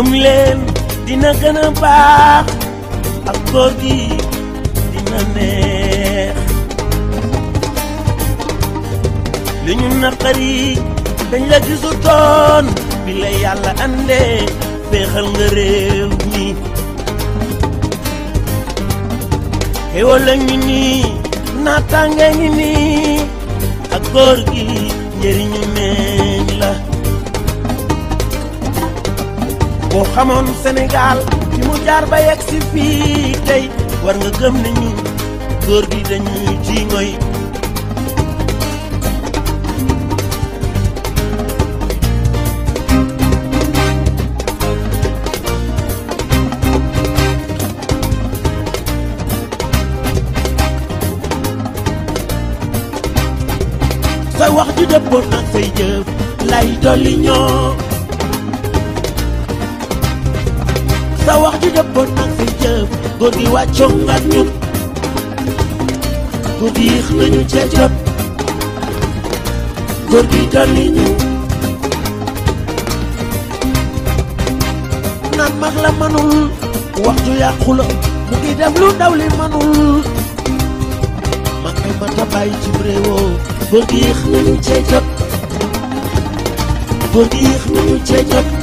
gëm leen dina gën a baax ak góor gi dina neex li ñu naqari dañ la gisu toon bi yàlla andee féexal nga réew mi xéwal la ñu nii naataange ngi nii góor gi njëriñu neex boo xamoon senegaal bi mu jaar ba yegg si fii tey war nga gëm ne góor gi dañuy ji ngoy sa wax ju dëppoon nag say jëf lay dolli ñoo jëppoon ak fi jëf guddi wàccoon nga ñun guddi yéex nañu ca jëpp góor gi dolli ñu la manul waxtu yàqu la mu ngi def lu manul mag ay mata bàyyi ci réewoo góor gi yéex nañu ca jëpp góor gi yéex nañu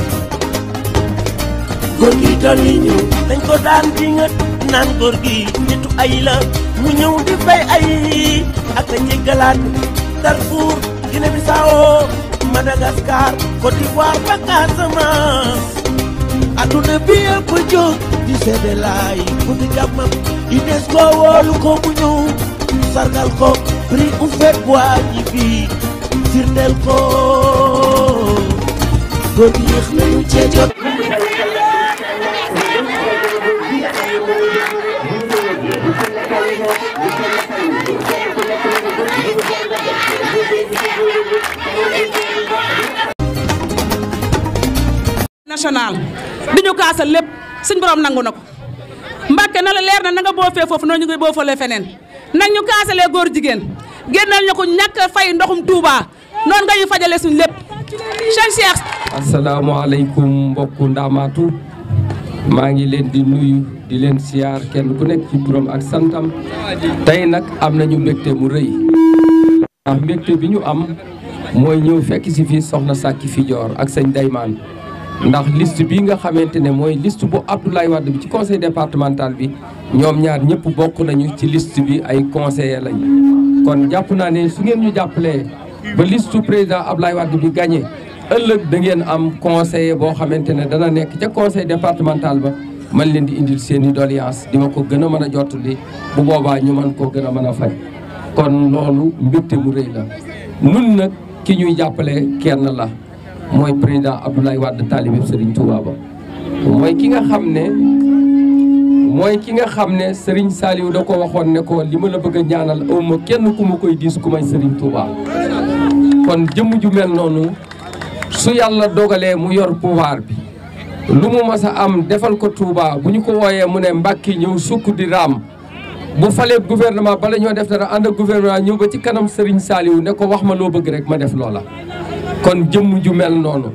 góor gi dolli ñu dañ ko daan di nga naan góor gi njëtu ay la mu ñëw di fay ay ak a njëggalaat Darfour Guinée Bissau Madagascar Côte d'Ivoire ba Casamance adduna bi yëpp jóg di seede laay bu di jàmmam UNESCO woolu ko mu ñëw sargal ko prix u fekk waa ji fii firndeel ko góor gi yéex nañu cee jot national di ñu kaasal lépp suñ borom nangu na ko mbàkke na la leer na na boofee foofu noonu ñu koy boofalee feneen nag ñu kaasalee góor jigéen génnal ñu ko ñàkk fay ndoxum Touba noonu nga ñu fajale suñ lépp seen Cheikh. asalaamaaleykum mbokku ndaamaatu maa ngi leen di nuyu di leen siyaar kenn ku nekk ci turam ak santam tey nag am nañu mbégte mu rëy ndax mbégte bi ñu am mooy ñëw fekk ci fii soxna Sakki Fijoor ak sëñ Daymaan ndax liste bi nga xamante ne mooy list bu Abdoulaye Wade bi ci conseil départemental bi ñoom ñaar ñëpp bokk nañu ci list bi ay conseillers lañu. kon jàpp naa ne su ngeen ñu jàppalee ba liste président Abdoulaye Wade bi gagné ëllëg da ngeen am conseiller boo xamante ne dana nekk ca conseil départemental ba man leen di indil seen i doléance di ma ko gën a mën a jottali bu boobaa ñu mën koo gën a mën a fay kon loolu mbégte mu rëy la nun nag ki ñuy jàppale kenn la. mooy président Abdoulaye Wade taalibe Serigne Touba ba mooy ki nga xam ne mooy ki nga xam ne sëriñ Saliou da ko waxoon ne ko li ma la bëgg a ñaanal awma kenn ku ma koy diis ku may Serigne Touba kon jëmm ju mel noonu su yàlla dogalee mu yor pouvoir bi lu mu mas a am defal ko Touba bu ñu ko wooyee mu ne mbàkki ñëw sukk di raam bu falee gouvernement bala ñoo def dara ànd ak gouvernement ñëw ba ci kanam Serigne Saliou ne ko wax ma loo bëgg rek ma def loola kon jëmm ju noonu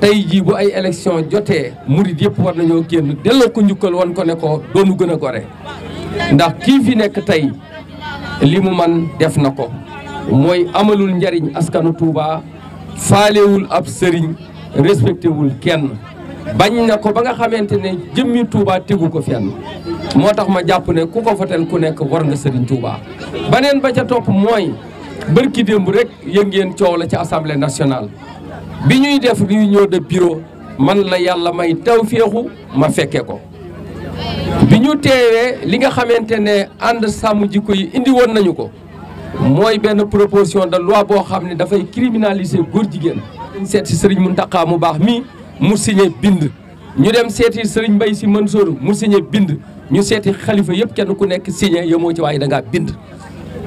tey jii bu ay élection jotee murit yëpp war nañoo génn delloo ko njukkal wan ko ne ko doonu gën a gore ndax kii fi nekk tey li mu man def na ko mooy amalul njariñ askanu Touba faalewul ab sëriñ respecté wul kenn bañ na ko ba nga xamante ne jëmmi Touba tegu ko fenn moo tax ma jàpp ne ku ko fotel ku nekk war nga sëriñ Touba baneen ba ca topp mooy bërki démb rek yëg ngeen coow la ci assemblée nationale bi ñuy def réunion de bureau man la yàlla may tawféexu ma fekke ko bi ñu teewee li nga xamante ne ànd sàmm jikko yi indi woon nañu ko mooy benn proposition de loi boo xam ne dafay criminaliser góor jigéen seet si sëriñ Mountakha mu baax mii mu signé bind ñu dem seeti sëriñ si mën Mansour mu signé bind ñu seeti xalifa yëpp kenn ku nekk signé yow moo ci waaye da ngaa bind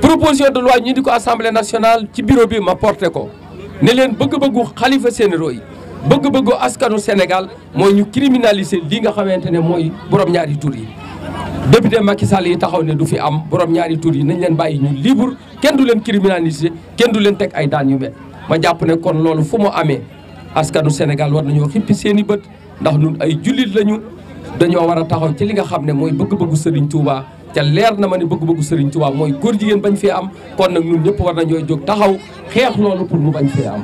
proposition de loi ñu di ko assemblée nationale ci biro bi ma porté ko ne leen bëgg-bëggu xalifa sénéraux yi bëgg-bëggu askanu Sénégal mooy ñu criminaliser li nga xamante ne mooy borom ñaari tur yi. député Macky Sall yi taxaw ne du fi am borom ñaari tur yi nañ leen bàyyi ñu libre kenn du leen criminaliser kenn du leen teg ay daan yu mel ma jàpp ne kon loolu fu mu amee askanu Sénégal war nañoo xippi seen i bët ndax ñun ay jullit lañu dañoo war a taxaw ci li nga xam ne mooy bëgg-bëggu Serigne Touba. ca leer na ma ne bëgg-bëggu Serigne Touba mooy góor jigéen bañ fee am kon nag ñun ñëpp war nañoo jóg taxaw xeex loolu pour mu bañ fee am.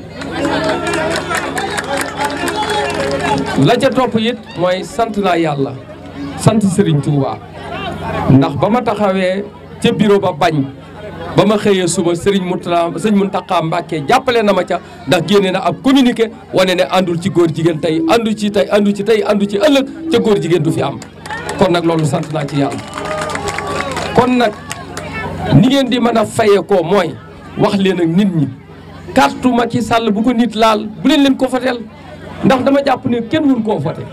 la ca topp it mooy sant naa yàlla sant Serigne Touba ndax ba ma taxawee ca bureau ba bañ ba ma xëyee suba Serigne Moutala sëñ Mountakha Mbacké jàppale na ma ca ndax génne na ab communiqué wane ne àndul ci góor jigéen tey àndu ci tey àndu ci tey àndu ci ëllëg ca góor jigéen du fi am kon nag loolu sant naa ci yàlla. kon nag ni ngeen di mën a faye ko mooy wax leen ak nit ñi carte Macky Sall bu ko nit laal bu leen leen ko foteel ndax dama jàpp ne kenn wuñ ko fote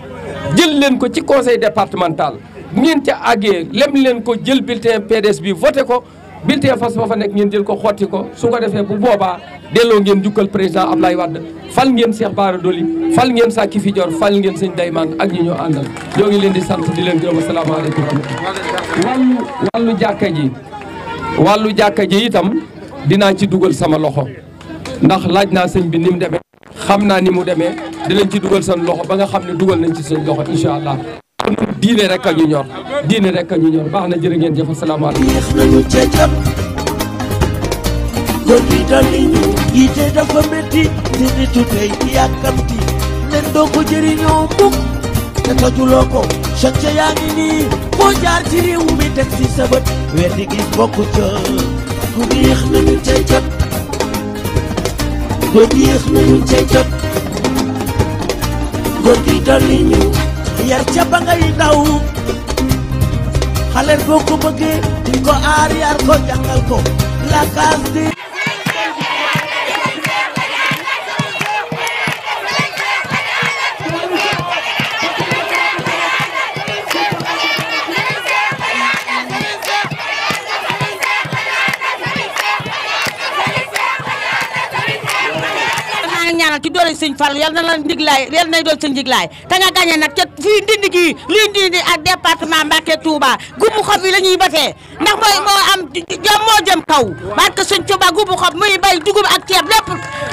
jël leen ko ci conseil départemental bu ngeen ca àggee lem leen ko jël bulletin PDS bi voté ko bulletin fas ba fa nekk ngeen jël ko xotti ko su ko defee bu boobaa delloo ngeen jukkal président Ablaye Wade fal ngeen Cheikh Bara Dolly fal ngeen Sakki Fidior fal ngeen sëñ Dayman ak ñi ñoo àndal ñoo ngi leen di sant di leen gërëm asalaamaaleykum am wàllu jàkka ji wàllu jàkka ji itam dinaa ci dugal sama loxo ndax laaj naa sëñ bi ni mu demee xam naa ni mu demee dinañ ci dugal seen loxo ba nga xam ne dugal nañ ci seen loxo incha allah diine rek a ñu ñor diine rek a ñu baax na jërë ngeen jëf asalaamaaleykum. neex nañu cee jàpp góor bi dali ñu ko jëriñoo mukk te tojuloo ko socce yaa ngi nii foo jaar ci réew mi teg ci sa bët weer di gis bokku ca ku yar ca ba ngay daw xale boo ko bëggee di ko aar yar ko jàngal ko la case sëñ Fall yal na la njiglaay yal na doon sa njiglaay te nga gagné fii ndindi gii lii ak département Mbacké Touba gubu xob yi la ñuy batee ndax mooy moo am jom moo jëm kaw barke sëñ Touba gubu xob muy bay dugub ak ceeb lépp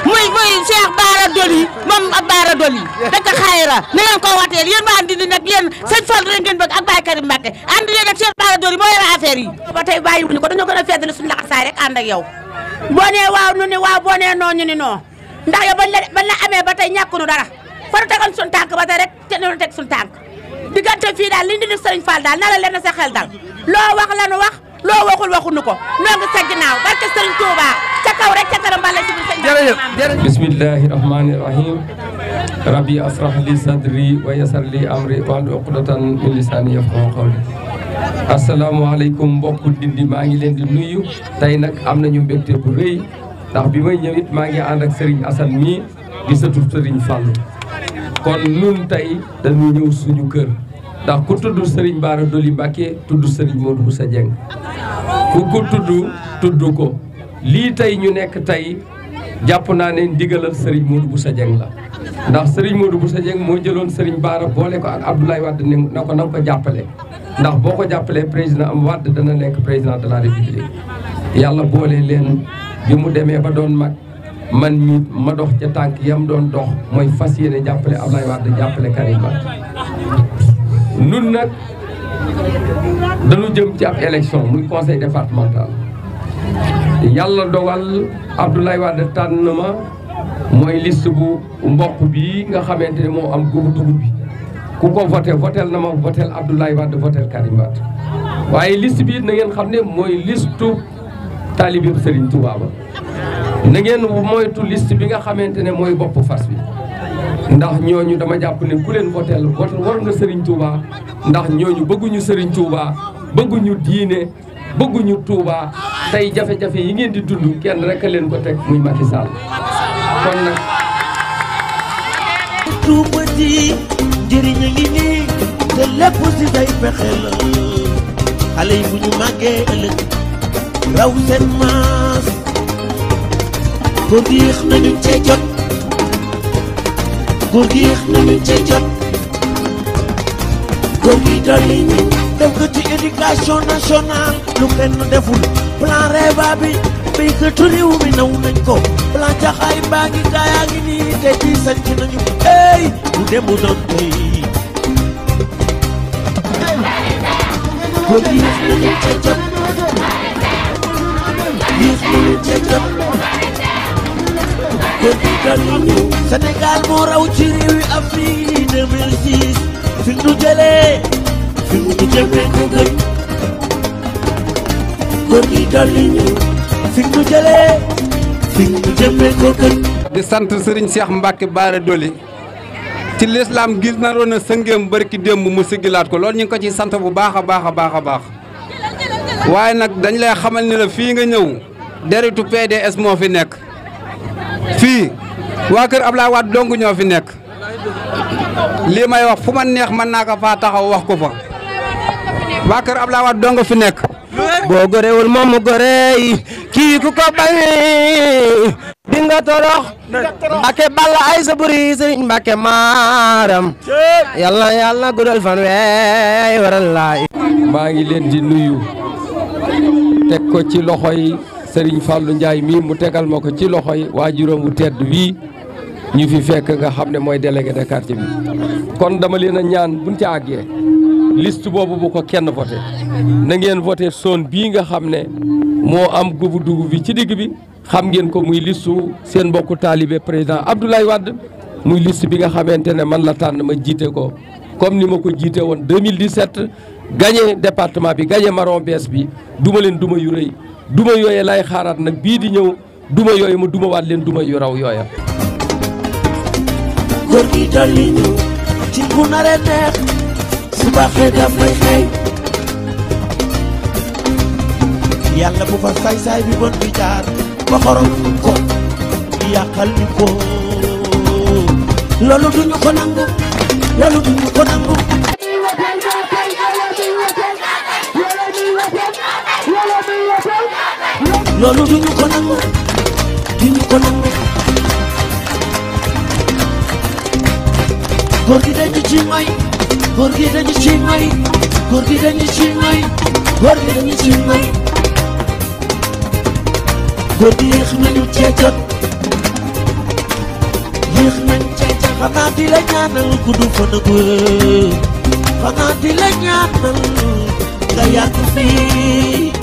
muy muy Cheikh Baara Doli moom Baara Doli dëkk xayra na ngeen ko wateel yéen waa ndindi nag yéen sëñ Fall rek ngeen bëgg ak Baye Karim Mbacké ànd leen ak Cheikh Baara Doli moo yore affaire yi ba tey bàyyiwuñu ko dañoo gën a feddali suñu laxasaay ndax yow bañ la bañ la amee ba tey ñàkkunu dara fa nu tegoon suñu rek noonu teg suñu diggante fii daal li ñu di sëriñ Fall daal na la leen sa dal loo wax la wax loo waxul waxuñu ko noo ngi barke sëriñ Touba ca rek ca kanam bala sibir sëñ jërëjëf jërëjëf bismillahi rahmani rahim li sadri wa yasar li amri wal uqdatan min lisani yafqahu qawli asalaamaaleykum mbokku Ndindi maa ngi leen di nuyu tey am nañu mbégte bu ndax bi may ñëw it maa ngi ànd ak Serigne Assane mii di sëtu Serigne Fallou kon nun tey dañu ñëw suñu kër ndax ku tudd Serigne Bara Doli Mbacké tudd Serigne Modou Boussa Dieng ku ko tudd tudd ko lii tey ñu nekk tey jàpp naa ne ndigalal moo Modou Boussa Dieng la ndax Serigne Modou Boussa Dieng moo jëloon Serigne Bara boole ko ak Abdoulaye Wade ne na ko na ko jàppale ndax boo ko jàppalee président am Wade dana nekk président de la république yàlla boole leen bi mu demee ba doon mag man ñi ma dox ca tànk yam doon dox mooy fas yéene jàppale Ablaye Wade jàppale Karim Wade nun nag dañu jëm ci ab élection muy conseil départemental yàlla dogal Abdoulaye Wade tànn ma mooy list bu mboq bi nga xamante ne moo am gubu dugub bi ku ko voté votel na ma votel Abdoulaye Wade votel Karim Wade waaye liste bi na xam ne mooy listu taalib yëpp Serigne Touba ba na ngeen moytu liste bi nga xamante ne mooy bopp fas bi ndax ñooñu dama jàpp ne ku leen voteel war nga Serigne Touba ndax ñooñu bëgguñu Serigne Touba bëgguñu diine bëgguñu Touba tey jafe-jafe yi ngeen di dund kenn rek leen ko teg muy Macky Sall kon nag. tuubati njëriñ a ngi nii te lépp si day fexe la xale yi bu ñu màggee ëllëg. raw seen maas góor gi yéex nañu cee jot nañu cee jot góor gi dolli ñu def ko ci éducation lu kenn deful plan REVA bi béykatu réew mi naw nañ ko plan jaxaay mbaa ngi gaayaa ngi nii te ci nañu ey bu démb doon tey góor nañu cee dix minutes ca jot kon dañu ñëw Sénégal moo raw ci réew yi Afrique 2006 fi nu jëlee fi mu ñu ko gën nu jëlee di sant Serigne Cheikh Mbacke Bara Doli ci lislaam gis naroon a sëngeem barki démb mu siggilaat ko loolu ñu ngi ko ci sant bu baax a baax a baax a baax waaye nag dañ lay xamal ni la fii nga ñëw deritu PDS moo fi nekk fii waa kër Abdoulaye Wade dong ñoo fi nekk lii may wax fu ma neex mën naa ko faa taxaw wax ko fa waa kër Abdoulaye Wade dong fi nekk boo gorewul moom mu gorey kii ku ko bañ di nga torox Mbàkke balla ay sa buri sëriñ Mbàkke maaram yàlla yàlla guddal fan wey waral laay maa ngi leen di nuyu teg ko ci loxoy Serigne Fallou njaay mii mu tegal ma ko ci loxoy waajuram wu tedd wii ñu fi fekk nga xam ne mooy délégué de quartier bi kon dama leen a ñaan buñ ci àggee list boobu bu ko kenn voté na ngeen voté zone bii nga xam ne moo am gubu dugub bi ci digg bi xam ngeen ko muy listu seen mbokku taalibee président Abdoulaye Wade muy liste bi nga xamante ne man la tànn ma jiite ko comme ni ma ko jiite woon 2017 gagné département bi gagné marron bees bi duma leen duma yu rëy duma yooye lay xaaraat nag bii di ñëw duma yooye ma duma waat leen duma yu raw yooya góor gi dolli ci ku neex su daf may xëy yàlla bu fa saay-saay bi bon bi jaar ba xorom ko yàqal ñu ko loolu ko nangu loolu ko nangu loolu duñu ko nangu duñu ko nangu góor gi dañu ci may góor gi dañu ci may góor gi dañu ci may góor gi dañu ci may góor gi yéex nañu cee jot yéex nañu cee jot xanaa di la ñaanal gudd fan ak wér xanaa di la ñaanal nga yàgg fii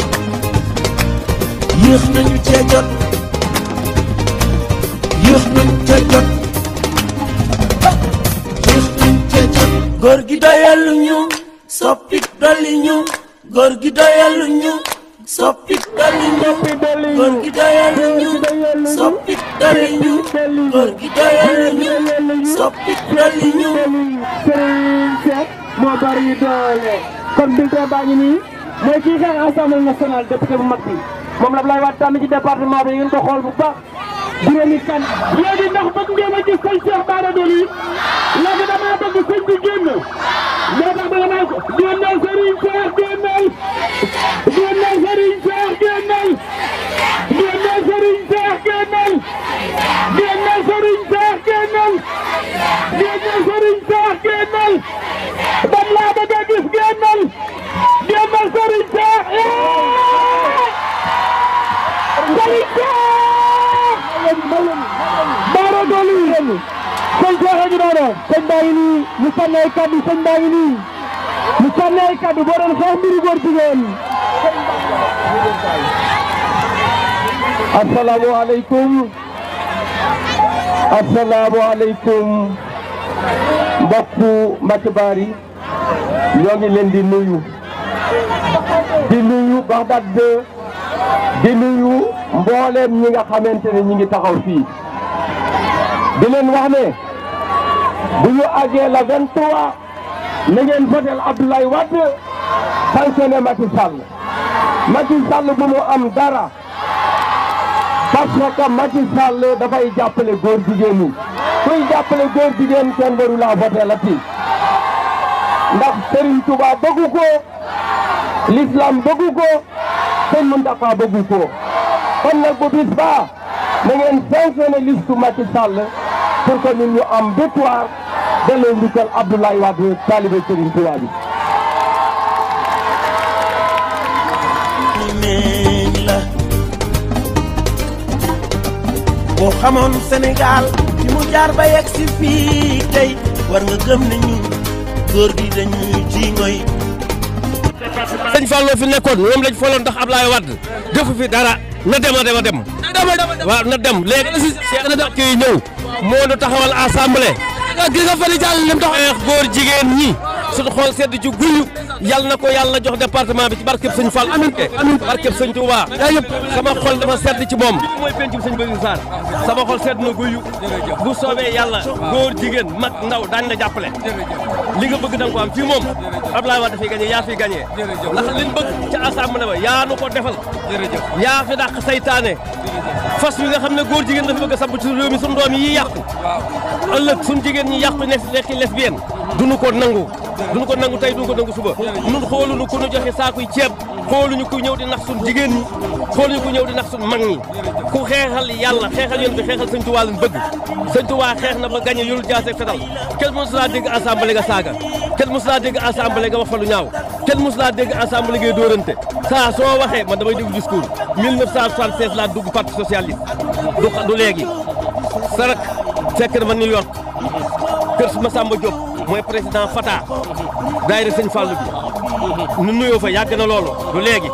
yéex nañu cee jot yéex nañu cee jot góor gi doyalu ñu soppit dolli góor gi doyalu soppit dolli góor gi doyalu soppit dolli góor gi doyalu soppit dolli ñu Serigne Seck moo bari doole kon bulletin baa ngi nii mooy kii xeex Assemblée nationale député bu mag bi moom la Abdoulaye Wade tànn ci département bi ngeen ko xool bu baax juróomi kan léegi ndax bëgg ngeen a gis sëñ Cheikh Bara Dolly léegi damaa bëgg sëñ bi génn moo tax dama naan ko génnal Serigne Cheikh génnal génnal Serigne Cheikh génnal génnal Serigne Cheikh génnal génnal Serigne Cheikh génnal génnal Serigne Cheikh génnal dam laa bëgg a gis génnal sëñ baa ngi nii ñu sànni ay kaddu sëñ baa ngi nii ñu sànni kaddu boo doon xeex mbiru góor jigéen asalaamaaleykum asalaamaaleykum mbokku Mbacké Bary ñoo ngi leen di nuyu di nuyu Bagdad 2 di nuyu mbooleem ñi nga xamante ne ñi ngi taxaw fii di leen wax ne bu ñu àggee la 23 na ngeen votel Abdoulaye Wade sanctionné Macky Sall Macky bu mu am dara parce que Macky Sall dafay jàppale góor jigéen ñi kuy jàppale góor jigéen kenn waru laa votel ati ndax Serigne Touba bëggu ko l'islam bëggu ko sëñ Mountakha bëggu ko kon nag bu bis ba na ngeen listu Macky pour que ñun ñu am victoire delloo ndukkal Abdoulaye Wade taalibe boo xamoon Sénégal fi mu jaar ba yegg si fii tey war nga gëm ne góor gi dañuy ci ngoy sëñ Fallou fi nekkoon ñoom lañ foloon ndax Abdoulaye Wade defu fi dara na dem a dem a dem waaw na dem léegi si Cheikh na dem kii ñëw moo nu taxawal assemblée gis nga Fally Diallo lim dox góor jigéen ñi suñu xool sedd ci guyu yal na ko yal na jox département bi ci barkeb sëñ Fall amiin amiin barkeb sëñ Touba sama xol dafa sedd ci moom mooy pencum sëñ Bassirou Sarr sama xol sedd na guyu bu soobee yàlla góor jigéen mag ndaw daañu la jàppale li nga bëgg da nga ko am fii moom Abdoulaye Wade dafay gagné yaa fiy gagné ndax liñ bëgg ca assemblée ba yaa nu ko defal yaa fi dàq saytaane fas yi nga xam ne góor jigéen dafa bëgg a samp ci réew mi suñu doom yi yàqu ëllëg suñu jigéen ñi yàqu nekk lesbienne duñu ko nangu duñu ko nangu tey duñu ko nangu suba nun xooluñu ku ñu joxe saakuy ceeb xooluñu ku ñëw di nax suñ jigéen ñi xooluñu ku ñëw di nax suñ mag ñi ku xeexal yàlla xeexal yoon bi xeexal sëñ Tuubaa lañ bëgg sëñ Tuubaa xeex na ba gàñe yorul jaaseeg fetal kenn mosu laa dégg assemblée nga saaga kenn mosu laa dégg assemblée nga wax fa lu ñaaw kenn mosu laa dégg assemblée ngay dóorante saa soo waxee man damay dégg discours 1976 laa dugg parti socialiste du du léegi sarak fekk ma New York mooy président Fata daayira sëñ Fallou bi nu nuyoo fa yàgg na loolu du léegi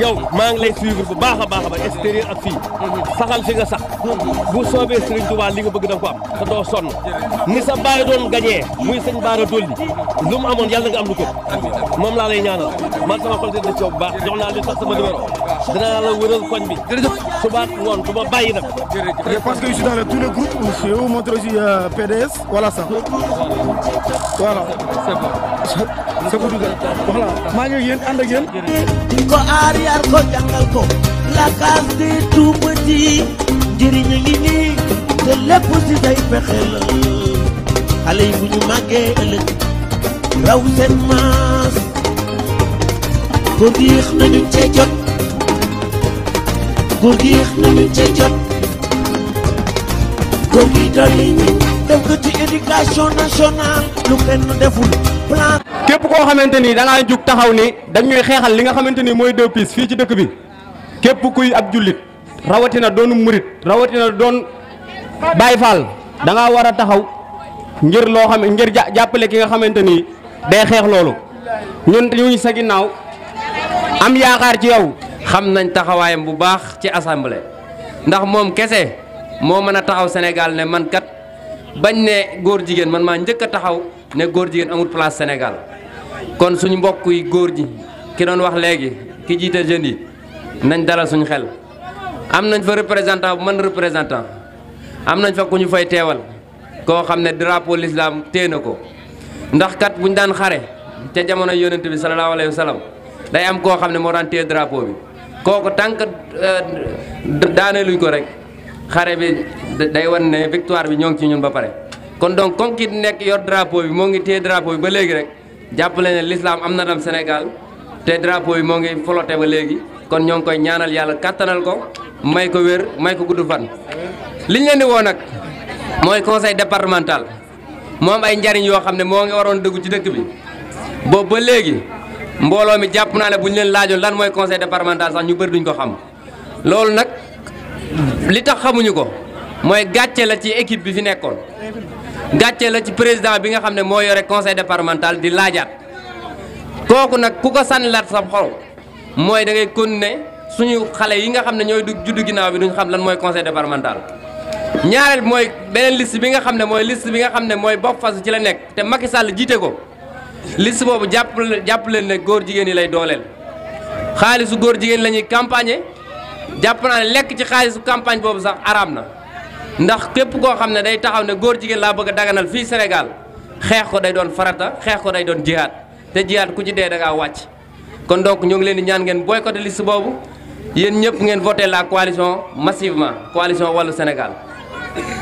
yow maa ngi lay suivre bu baax a baax ba extérieur ak fii saxal fi nga sax bu soobee Serigne Touba li nga bëgg da nga ko am te doo ni sa baay doon gañee muy sëñ Baara Dolli lu mu amoon yàlla nga am lu ko moom laa lay ñaanal man sama xol seen na coow bu baax jox naa leen sax sama numéro dinaa la wëral koñ bi subaat ngoon du ma bàyyi nag parce que je suis dans le tout le groupe je vous montre aussi euh, PDS voilà ça voilà c'est bon c'est bon voilà ko aar yar ko jàngal ko la case des tout petits njëriñ a ngi nii te lépp si day pexe la xale yi bu ñu màggee ëllëg raw seen maas góor gi nañu cee jot góor nañu cee jot góor gi dolli ñu def ci éducation nationale lu kenn deful plan. képp koo xamante ni da ngaa jug taxaw ni dañuy xeexal li nga xamante ni mooy deux pistes fii ci dëkk bi. képp kuy ab jullit rawatina doonu murit rawatina doon Baay Faal danga ngaa war a taxaw ngir loo xam ngir jàppale ki nga xamante ni day xeex loolu ñun ñu sa ginnaaw am yaakaar ci yow. xam nañ taxawaayam bu baax ci assemblée ndax moom kese moo mën a taxaw senegal ne man kat bañ ne góor jigéen man maa njëkk a taxaw ne góor jigéen amul place Sénégal kon suñu mbokk yi góor ji ki doon wax léegi ki jiite jeunes yi. nañ dalal suñu xel am nañ fa représentant bu man représentant am nañ fa ku ñu fay teewal koo xam ne drapeau l'islam téye na ko ndax kat ñu daan xare ca jamono yonent bi salallaahu alayhi wa day am koo xam ne moo daan téye drapeau bi kooku tànk euh, daane luñ ko rek xare bi day wan ne victoire bi ñoo ngi ci ñun ba pare kon donc comme ki nekk yor drapeau bi moo ngi téye drapeau bi ba léegi rek jàppale ne lislaam am na dam Sénégal te drapeau bi moo ngi flotté ba léegi kon ñoo ngi koy ñaanal yàlla kàttanal ko may ko wér may ko gudd fan. liñ leen di woo nag mooy conseil départemental moom ay njariñ yoo xam ne moo ngi waroon dëggu ci dëkk bi boobu ba léegi mbooloo mi jàpp naa ne bu ñu leen laajoon lan mooy conseil départemental sax ñu bëri duñ ko xam loolu nag li tax xamuñu ko mooy gàccee la ci équipe bi fi nekkoon gàcce la ci président bi nga xam ne moo yore conseil départemental di laajaat kooku nag ku ko sànnilaat mooy dangay ngay ne suñu xale yi nga xam ne ñooy du juddu ginnaaw bi duñu xam lan mooy conseil départemental. ñaareel mooy beneen liste bi nga xam ne mooy liste bi nga xam ne mooy bokk fas ci la nekk te Macky Sall jiite ko liste boobu jàpp jàpp leen ne góor jigéen yi lay dooleel xaalisu góor jigéen la ñuy campagner jàpp naa ne lekk ci xaalisu campagne boobu sax araam na ndax képp koo xam ne day taxaw ne góor jigéen laa bëgg a daganal fii Sénégal xeex ko day doon farata xeex ko day doon jihaad te jihaad ku ci dee da ngaa wàcc kon donc ñoo ngi leen di ñaan ngeen boycotté liste boobu yéen ñëpp ngeen voté la coalition massivement coalition wàllu Sénégal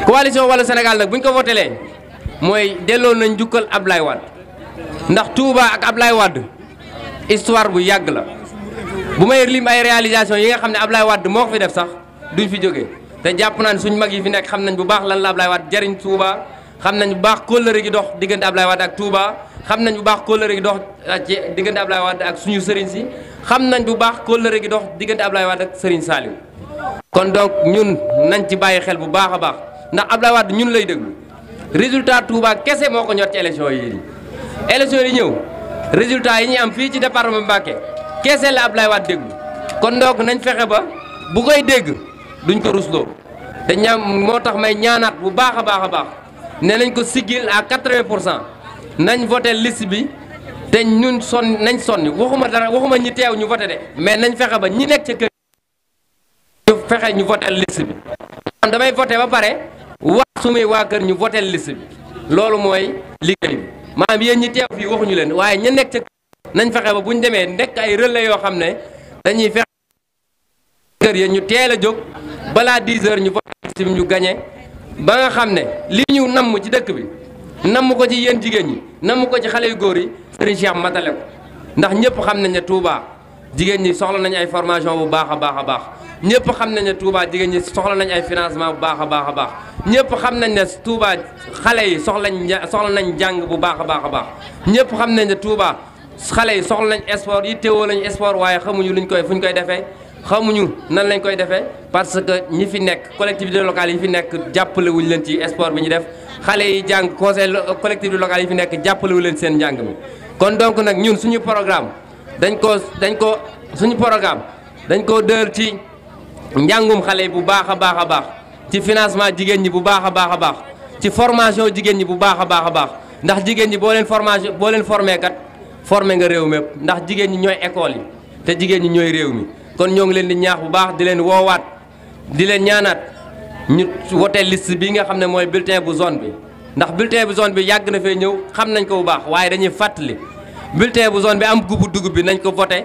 coalition wàllu Sénégal nag bu ñu ko voté mooy delloo nañ jukkal ab laay Wade ndax Touba ak laay wadd histoire bu yàgg la bu may lim ay réalisation yi nga xam ne Ablaye Wade moo ko fi def sax duñ fi jógee te jàpp naa ne suñ mag yi fi nekk xam nañ bu baax lan la Ablaye Wade jariñ Touba xam nañ bu baax kóllëre gi dox diggante Ablaye Wade ak Touba xam nañ bu baax kóllëre gi dox ci diggante Ablaye Wade ak suñu sëriñ si xam nañ bu baax kóllëre gi dox diggante Ablaye Wade ak sëriñ Saliou kon donc ñun nañ ci bàyyi xel bu baax a baax ndax Ablaye Wade ñun lay déglu résultat Touba kese moo ko ñor ci élection yi élection yi ñëw résultat yi ñu am fii ci département Mbacké kese la Ablaye Wade déglu kon donc nañ fexe ba bu koy dégg duñ ko rusloo te ñam moo tax may ñaanaat bu baax a baax a baax ne nañ ko siggil à 80 pour cent nañ voté liste bi te ñun son nañ sonni waxuma dara waxuma ñi teew ñu voté de mais nañ fexe ba ñi nekk ci kër ñu fexe ñu voté bi damay voté ba pare wax sumay waa kër ñu voté liste bi loolu mooy liggéey bi yéen ñi teew fii waxuñu leen waaye ña nekk nañ fexe ba bu demee nekk ay relais yoo xam ne dañuy fexe kër ya ñu teel a jóg balaa 10 ñu voté liste bi ñu gañe ba nga xam ne li ñu namm ci dëkk bi mu ko ji yéen jigéen ñi mu ko ci xale yu góor yi sëriñ Cheikh matale ko ndax ñëpp xam nañ ne Touba jigéen ñi soxla nañ ay formation bu baax a baax a baax ñëpp xam nañ ne Touba jigéen ñi soxla nañ ay financement bu baax a baax a baax ñëpp xam nañ ne Touba xale yi soxla soxla nañ jàng bu baax a baax a baax ñëpp xam nañ ne Touba xale yi soxla nañ sport yi teewoo lañ sport waaye xamuñu luñ koy fu ñu koy defee xamuñu nan lañ koy defee parce que ñi fi nekk collectivité locale yi fi nekk jàppale leen ci sport bi ñu def xale yi jàng conseil collectivité locale yi fi nekk jàppale wuñ leen seen njàng mi. kon donc nag ñun suñu programme dañ ko dañ ko suñu programme dañ ko dër ci njàngum xale yi bu baax a baax a baax ci financement jigéen ñi bu baax a baax a baax ci formation jigéen ñi bu baax a baax a baax ndax jigéen ñi boo leen formation boo leen formé kat formé nga réew mépp ndax jigéen ñi ñooy école yi te jigéen ñi ñooy réew mi. kon ñoo ngi leen di ñaax bu baax di leen woowaat di leen ñaanaat ñu wotee liste bi nga xam ne mooy bulletin bu zone bi ndax bulletin bu zone bi yàgg na fee ñëw xam nañ ko bu baax waaye dañuy fàttali bulletin bu zone bi am gubu dugub bi nañ ko voté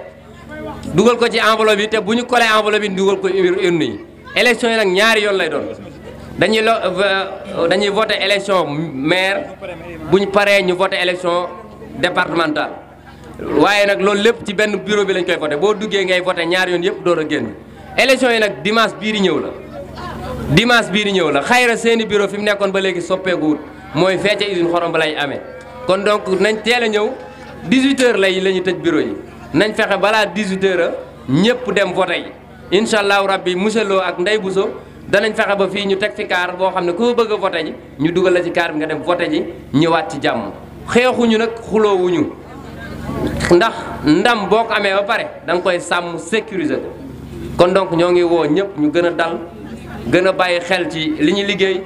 dugal ko ci enveloppe yi te bu ñu colee enveloppe yi dugal ko urne yi élection yi nag ñaari yoon lay doon dañuy lo dañuy voté élection maire bu ñu paree ñu voté élection départementale waaye nag loolu lépp ci benn bureau bi lañ koy voté boo duggee ngay voté ñaar yoon yëpp door a génn élection yi nag dimanche bii di ñëw la dimanche bii di ñëw la xayra seeni bureau fi mu nekkoon ba léegi soppeekuwut mooy fecce usine xorom ba lay amee kon donc nañ teel a ñëw 18h lay la ñu tëj bureau yi nañ fexe balaa 18h ñëpp dem voté yi incha rab yi monsieur Lo ak ndey Bousso danañ fexe ba fii ñu teg fi kaar boo xam ne koo bëgg a voté ñu dugal la ci kaar bi nga dem voté ji ñëwaat ci jàmm xeexuñu nag xuloowuñu ndax ndam boo ko amee ba pare da nga koy sàmm sécuriser ko kon donc ñoo ngi woo ñëpp ñu gën a dal gën a bàyyi xel ci li ñuy liggéey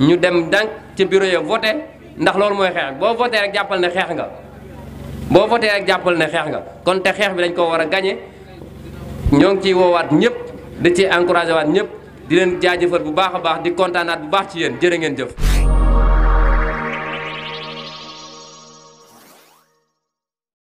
ñu dem dànk ci bureau ya voté ndax loolu mooy xeex boo voté rek jàppal ne xeex nga boo voté rek jàppal ne xeex nga kon te xeex bi dañ ko war a gañe ñoo ngi ciy woowaat ñëpp di ci encouragé waat ñëpp di leen jaajëfal bu baax a baax di kontaanaat bu baax ci yéen jëre ngeen jëf